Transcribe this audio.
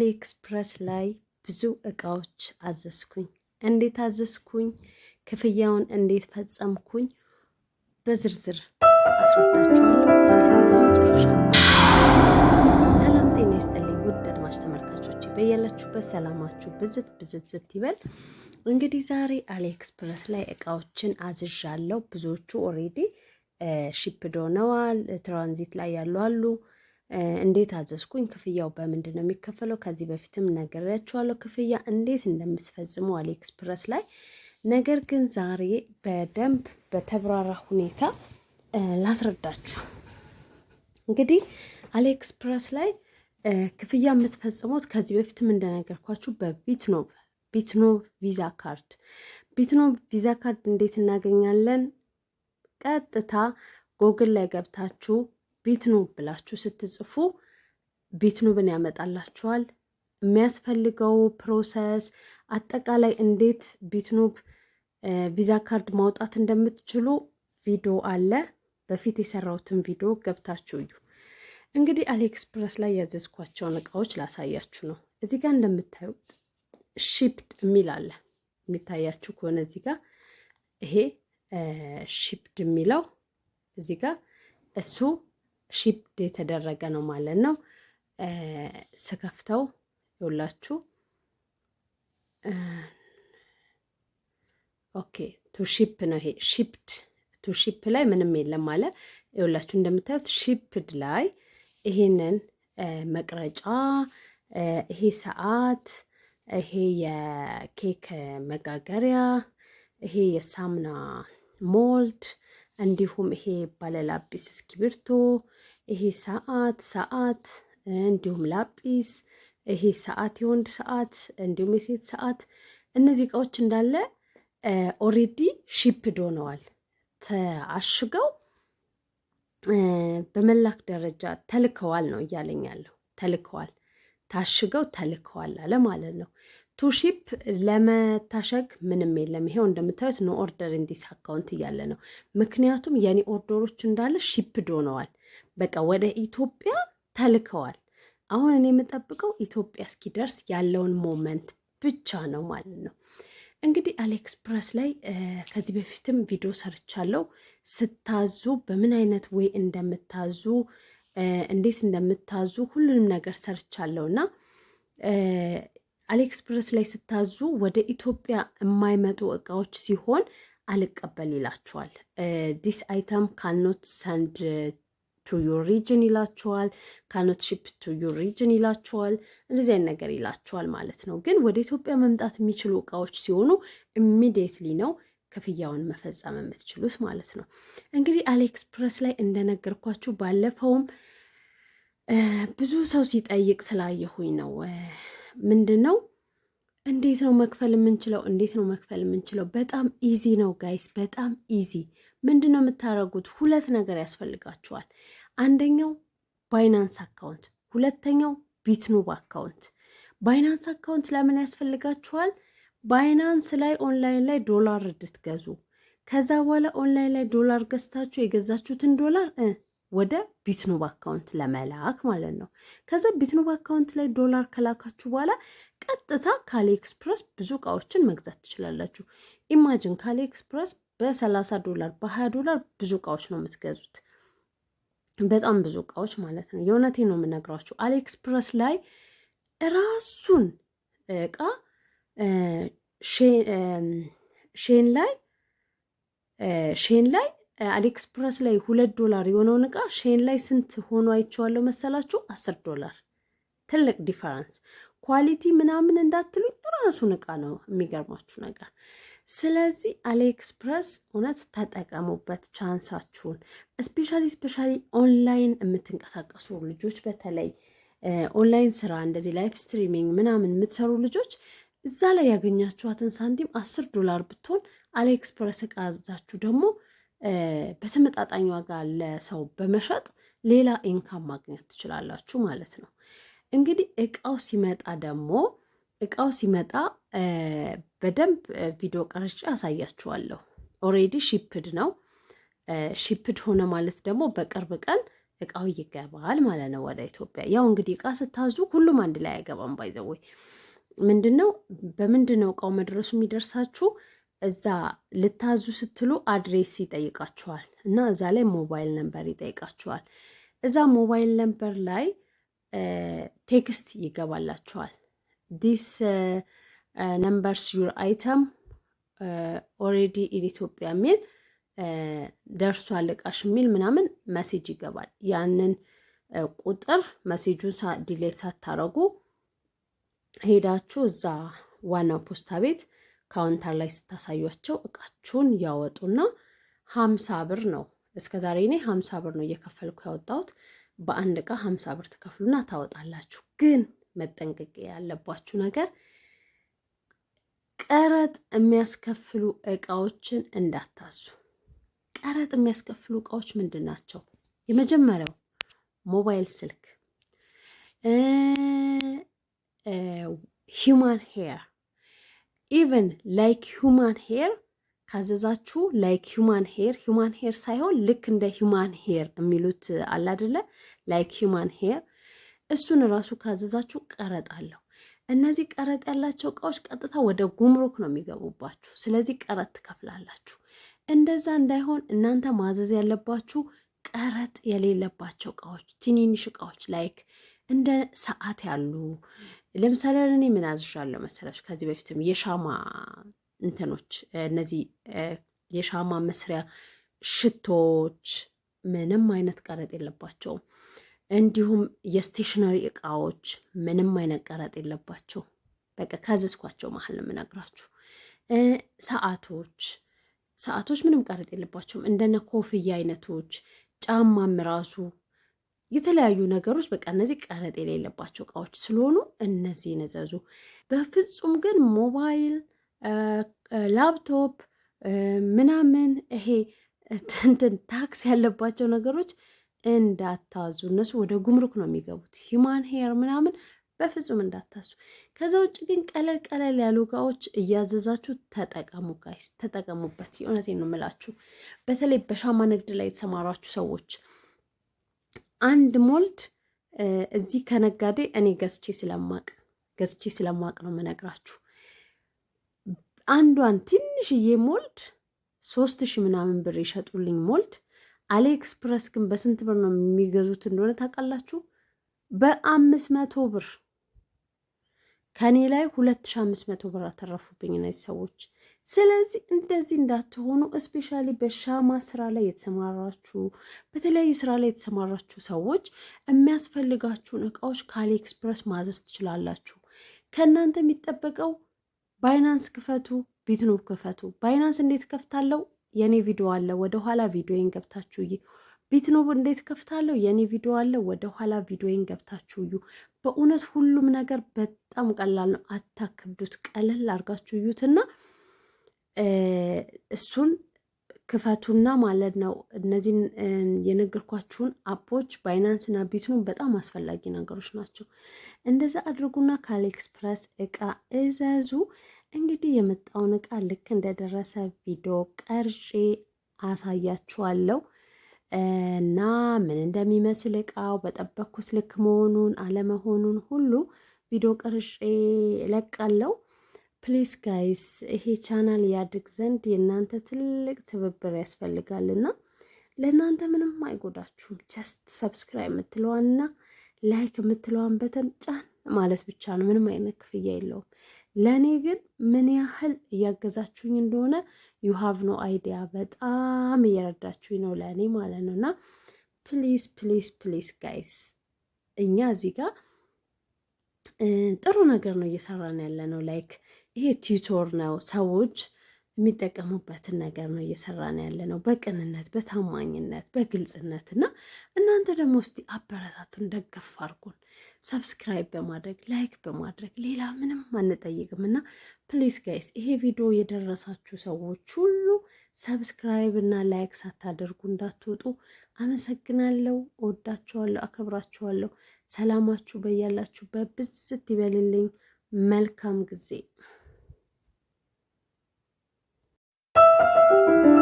አሊኤክስፕረስ ላይ ብዙ እቃዎች አዘዝኩኝ። እንዴት አዘዝኩኝ? ክፍያውን እንዴት ፈጸምኩኝ? በዝርዝር አስረዳችኋለሁ። ሰላም ጤና ይስጥልኝ። ውድ አድማጭ ተመልካቾች በያላችሁበት ሰላማችሁ ብዝት ብዝት ዝት ይበል። እንግዲህ ዛሬ አሊኤክስፕረስ ላይ እቃዎችን አዝዣለሁ። ብዙዎቹ ኦሬዲ ሺፕዶ ነዋል ትራንዚት ላይ ያሉ አሉ እንዴት አዘዝኩኝ፣ ክፍያው በምንድን ነው የሚከፈለው? ከዚህ በፊትም ነግሬያችኋለሁ ክፍያ እንዴት እንደምትፈጽሙ አሊኤክስፕረስ ላይ። ነገር ግን ዛሬ በደንብ በተብራራ ሁኔታ ላስረዳችሁ። እንግዲህ አሊኤክስፕረስ ላይ ክፍያ የምትፈጽሙት ከዚህ በፊትም እንደነገርኳችሁ በቢትኖቭ ቢትኖቭ ቪዛ ካርድ። ቢትኖቭ ቪዛ ካርድ እንዴት እናገኛለን? ቀጥታ ጎግል ላይ ገብታችሁ ቢትኑ ብላችሁ ስትጽፉ ብን ያመጣላችኋል። የሚያስፈልገው ፕሮሰስ አጠቃላይ እንዴት ቢትኑብ ቪዛ ካርድ ማውጣት እንደምትችሉ ቪዲዮ አለ። በፊት የሰራሁትን ቪዲዮ ገብታችሁ እዩ። እንግዲህ አሊኤክስፕረስ ላይ ያዘዝኳቸውን እቃዎች ላሳያችሁ ነው። እዚህ ጋር እንደምታዩት ሺፕድ የሚል አለ። የሚታያችሁ ከሆነ እዚህ ጋር ይሄ ሺፕድ የሚለው እዚህ ጋር እሱ ሺፕድ የተደረገ ነው ማለት ነው። ስከፍተው ይውላችሁ ኦኬ ቱ ሺፕ ነው ይሄ ሺፕድ ቱ ሺፕ ላይ ምንም የለም ማለት ይውላችሁ እንደምታዩት ሺፕድ ላይ ይሄንን መቅረጫ ይሄ ሰዓት ይሄ የኬክ መጋገሪያ ይሄ የሳምና ሞልድ እንዲሁም ይሄ ባለላጲስ እስክሪብቶ፣ ይሄ ሰዓት ሰዓት እንዲሁም ላጲስ፣ ይሄ ሰዓት የወንድ ሰዓት እንዲሁም የሴት ሰዓት። እነዚህ እቃዎች እንዳለ ኦሬዲ ሺፕድ ሆነዋል ተአሽገው በመላክ ደረጃ ተልከዋል ነው እያለኝ ያለው። ተልከዋል ታሽገው ተልከዋል አለ ማለት ነው። ቱሺፕ ለመታሸግ ምንም የለም። ይሄው እንደምታዩት ኖ ኦርደር እንዲስ አካውንት እያለ ነው። ምክንያቱም የኔ ኦርደሮች እንዳለ ሺፕድ ሆነዋል። በቃ ወደ ኢትዮጵያ ተልከዋል። አሁን እኔ የምጠብቀው ኢትዮጵያ እስኪደርስ ያለውን ሞመንት ብቻ ነው ማለት ነው። እንግዲህ አሊኤክስፕረስ ላይ ከዚህ በፊትም ቪዲዮ ሰርቻለሁ። ስታዙ በምን አይነት ወይ እንደምታዙ እንዴት እንደምታዙ ሁሉንም ነገር ሰርቻለሁ እና አሊኤክስፕረስ ላይ ስታዙ ወደ ኢትዮጵያ የማይመጡ እቃዎች ሲሆን አልቀበል ይላችኋል። ዲስ አይተም ካልኖት ሰንድ ቱ ዩር ሪጅን ይላችኋል። ካልኖት ሺፕ ቱ ዩር ሪጅን ይላችኋል። እንደዚህ አይነት ነገር ይላችኋል ማለት ነው። ግን ወደ ኢትዮጵያ መምጣት የሚችሉ እቃዎች ሲሆኑ ኢሚዲየትሊ ነው ክፍያውን መፈጸም የምትችሉት ማለት ነው። እንግዲህ አሊኤክስፕረስ ላይ እንደነገርኳችሁ ባለፈውም ብዙ ሰው ሲጠይቅ ስላየሁኝ ነው ምንድን ነው እንዴት ነው መክፈል የምንችለው? እንዴት ነው መክፈል የምንችለው? በጣም ኢዚ ነው ጋይስ፣ በጣም ኢዚ። ምንድን ነው የምታደርጉት? ሁለት ነገር ያስፈልጋችኋል። አንደኛው ባይናንስ አካውንት፣ ሁለተኛው ቢትኑብ አካውንት። ባይናንስ አካውንት ለምን ያስፈልጋችኋል? ባይናንስ ላይ ኦንላይን ላይ ዶላር እንድትገዙ ከዛ በኋላ ኦንላይን ላይ ዶላር ገዝታችሁ የገዛችሁትን ዶላር ወደ ቢትኖብ አካውንት ለመላክ ማለት ነው። ከዛ ቢትኖብ አካውንት ላይ ዶላር ከላካችሁ በኋላ ቀጥታ ካሊ ኤክስፕረስ ብዙ እቃዎችን መግዛት ትችላላችሁ። ኢማጅን ካሊ ኤክስፕረስ በ30 ዶላር በ20 ዶላር ብዙ እቃዎች ነው የምትገዙት። በጣም ብዙ እቃዎች ማለት ነው። የእውነቴ ነው የምነግራችሁ። አሊ ኤክስፕረስ ላይ ራሱን እቃ ሼን ላይ ሼን ላይ አሊኤክስፕረስ ላይ ሁለት ዶላር የሆነውን እቃ ሼን ላይ ስንት ሆኖ አይቼዋለሁ መሰላችሁ? አስር ዶላር። ትልቅ ዲፈረንስ። ኳሊቲ ምናምን እንዳትሉኝ ራሱን እቃ ነው የሚገርማችሁ ነገር። ስለዚህ አሊኤክስፕረስ እውነት ተጠቀሙበት ቻንሳችሁን። ስፔሻሊ ስፔሻሊ ኦንላይን የምትንቀሳቀሱ ልጆች በተለይ ኦንላይን ስራ እንደዚህ ላይፍ ስትሪሚንግ ምናምን የምትሰሩ ልጆች እዛ ላይ ያገኛችኋትን ሳንቲም አስር ዶላር ብትሆን አሊኤክስፕረስ እቃ አዛችሁ ደግሞ በተመጣጣኝ ዋጋ ለሰው በመሸጥ ሌላ ኢንካም ማግኘት ትችላላችሁ ማለት ነው። እንግዲህ እቃው ሲመጣ ደግሞ እቃው ሲመጣ በደንብ ቪዲዮ ቀርጬ አሳያችኋለሁ። ኦሬዲ ሺፕድ ነው። ሺፕድ ሆነ ማለት ደግሞ በቅርብ ቀን እቃው ይገባል ማለት ነው ወደ ኢትዮጵያ። ያው እንግዲህ እቃ ስታዙ ሁሉም አንድ ላይ አይገባም። ባይዘወይ ምንድን ነው በምንድን ነው እቃው መድረሱ የሚደርሳችሁ እዛ ልታዙ ስትሉ አድሬስ ይጠይቃችኋል እና እዛ ላይ ሞባይል ነንበር ይጠይቃችኋል። እዛ ሞባይል ነምበር ላይ ቴክስት ይገባላችኋል። ዲስ ነምበርስ ዩር አይተም ኦሬዲ ኢን ኢትዮጵያ የሚል ደርሷል እቃሽ የሚል ምናምን መሴጅ ይገባል። ያንን ቁጥር መሴጁን ዲሌት ሳታረጉ ሄዳችሁ እዛ ዋናው ፖስታ ቤት ካውንተር ላይ ስታሳዩቸው እቃችሁን ያወጡና ሀምሳ ብር ነው እስከ ዛሬ እኔ ሀምሳ ብር ነው እየከፈልኩ ያወጣሁት። በአንድ እቃ ሀምሳ ብር ትከፍሉና ታወጣላችሁ። ግን መጠንቀቅ ያለባችሁ ነገር ቀረጥ የሚያስከፍሉ እቃዎችን እንዳታዙ። ቀረጥ የሚያስከፍሉ እቃዎች ምንድን ናቸው? የመጀመሪያው ሞባይል ስልክ፣ ሂውማን ሄር ኢቨን ላይክ ሂውማን ሄር ካዘዛችሁ ላይክ ሂውማን ሄር ሂውማን ሄር ሳይሆን ልክ እንደ ሂውማን ሄር የሚሉት አለ አይደለ? ላይክ ሂውማን ሄር እሱን እራሱ ካዘዛችሁ ቀረጥ እነዚህ ቀረጥ ያላቸው እቃዎች ቀጥታ ወደ ጉምሩክ ነው የሚገቡባችሁ። ስለዚህ ቀረጥ ትከፍላላችሁ። እንደዛ እንዳይሆን እናንተ ማዘዝ ያለባችሁ ቀረጥ የሌለባቸው እቃዎች፣ ትንንሽ እቃዎች ላይክ እንደ ሰዓት ያሉ ለምሳሌ እኔ ምን አዝዣለሁ መሰላችሁ? ከዚህ በፊትም የሻማ እንትኖች እነዚህ የሻማ መስሪያ ሽቶዎች ምንም አይነት ቀረጥ የለባቸውም። እንዲሁም የስቴሽነሪ እቃዎች ምንም አይነት ቀረጥ የለባቸው። በቃ ካዘዝኳቸው መሀል ነው የምነግራችሁ። ሰዓቶች ሰዓቶች ምንም ቀረጥ የለባቸውም። እንደነ ኮፍያ አይነቶች ጫማም ራሱ የተለያዩ ነገሮች በቃ እነዚህ ቀረጥ የሌለባቸው እቃዎች ስለሆኑ እነዚህ ንዘዙ። በፍጹም ግን ሞባይል፣ ላፕቶፕ ምናምን ይሄ እንትን ታክስ ያለባቸው ነገሮች እንዳታዙ። እነሱ ወደ ጉምሩክ ነው የሚገቡት። ሂማን ሄር ምናምን በፍጹም እንዳታሱ። ከዛ ውጭ ግን ቀለል ቀለል ያሉ እቃዎች እያዘዛችሁ ተጠቀሙ ጋይስ፣ ተጠቀሙበት። የእውነቴን ነው የምላችሁ። በተለይ በሻማ ንግድ ላይ የተሰማራችሁ ሰዎች አንድ ሞልድ እዚህ ከነጋዴ እኔ ገዝቼ ስለማቅ ገዝቼ ስለማቅ ነው የምነግራችሁ። አንዷን ትንሽዬ ሞልድ ሶስት ሺህ ምናምን ብር ይሸጡልኝ ሞልድ። አሊ ኤክስፕረስ ግን በስንት ብር ነው የሚገዙት እንደሆነ ታውቃላችሁ? በአምስት መቶ ብር ከኔ ላይ ሁለት ሺህ አምስት መቶ ብር አተረፉብኝ እነዚህ ሰዎች። ስለዚህ እንደዚህ እንዳትሆኑ እስፔሻሊ በሻማ ስራ ላይ የተሰማራችሁ በተለያየ ስራ ላይ የተሰማራችሁ ሰዎች የሚያስፈልጋችሁን እቃዎች ከአሊኤክስፕረስ ኤክስፕረስ ማዘዝ ትችላላችሁ። ከእናንተ የሚጠበቀው ባይናንስ ክፈቱ፣ ቢትኖብ ክፈቱ። ባይናንስ እንዴት ከፍታለው? የኔ ቪዲዮ አለ፣ ወደኋላ ቪዲዮን ገብታችሁ እይ። ቢትኖብ እንዴት ከፍታለው የኔ ቪዲዮ አለ፣ ወደኋላ ቪዲዮን ገብታችሁ እዩ። በእውነት ሁሉም ነገር በጣም ቀላል ነው። አታክብዱት፣ ቀለል አድርጋችሁ እዩትና እሱን ክፈቱና ማለት ነው። እነዚህን የነገርኳችሁን አፖች ባይናንስ እና ቢትኑን በጣም አስፈላጊ ነገሮች ናቸው። እንደዛ አድርጉና ካሊኤክስፕረስ እቃ እዘዙ። እንግዲህ የመጣውን እቃ ልክ እንደደረሰ ቪዲዮ ቀርጬ አሳያችኋለሁ እና ምን እንደሚመስል እቃው በጠበኩት ልክ መሆኑን አለመሆኑን ሁሉ ቪዲዮ ቀርጬ እለቃለሁ። ፕሊስ ጋይስ ይሄ ቻናል ያድግ ዘንድ የእናንተ ትልቅ ትብብር ያስፈልጋልና ለእናንተ ምንም አይጎዳችሁም። ጀስት ሰብስክራይብ የምትለዋና ላይክ የምትለዋን በተን ጫን ማለት ብቻ ነው። ምንም አይነት ክፍያ የለውም። ለእኔ ግን ምን ያህል እያገዛችሁኝ እንደሆነ ዩ ሃቭ ኖ አይዲያ። በጣም እየረዳችሁኝ ነው ለእኔ ማለት ነው። እና ፕሊስ ፕሊስ ፕሊስ ጋይስ እኛ እዚህ ጋር ጥሩ ነገር ነው እየሰራን ያለ ነው ላይክ ይሄ ቲዩቶር ነው። ሰዎች የሚጠቀሙበትን ነገር ነው እየሰራን ያለ ነው፣ በቅንነት በታማኝነት በግልጽነት እና እናንተ ደግሞ እስቲ አበረታቱን፣ ደገፍ አድርጉን፣ ሰብስክራይብ በማድረግ ላይክ በማድረግ ሌላ ምንም አንጠይቅም እና ፕሊስ ጋይስ ይሄ ቪዲዮ የደረሳችሁ ሰዎች ሁሉ ሰብስክራይብ እና ላይክ ሳታደርጉ እንዳትወጡ። አመሰግናለሁ። እወዳችኋለሁ፣ አከብራችኋለሁ። ሰላማችሁ በያላችሁበት ብዝት ይበልልኝ። መልካም ጊዜ thank you